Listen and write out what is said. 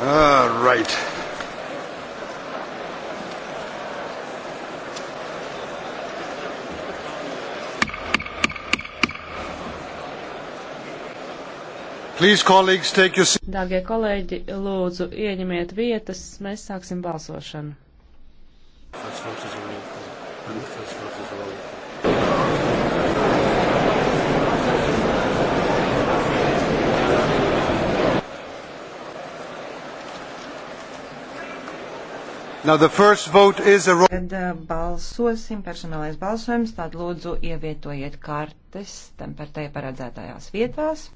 All ah, right. Please, colleagues, take your... Dārgie kolēģi, lūdzu, ieņemiet vietas, mēs sāksim balsošanu. First vote is a roll call. First vote is a roll call. A... Tad uh, balsosim, personālais balsojums, tad lūdzu ievietojiet kartes tam par te paredzētajās vietās.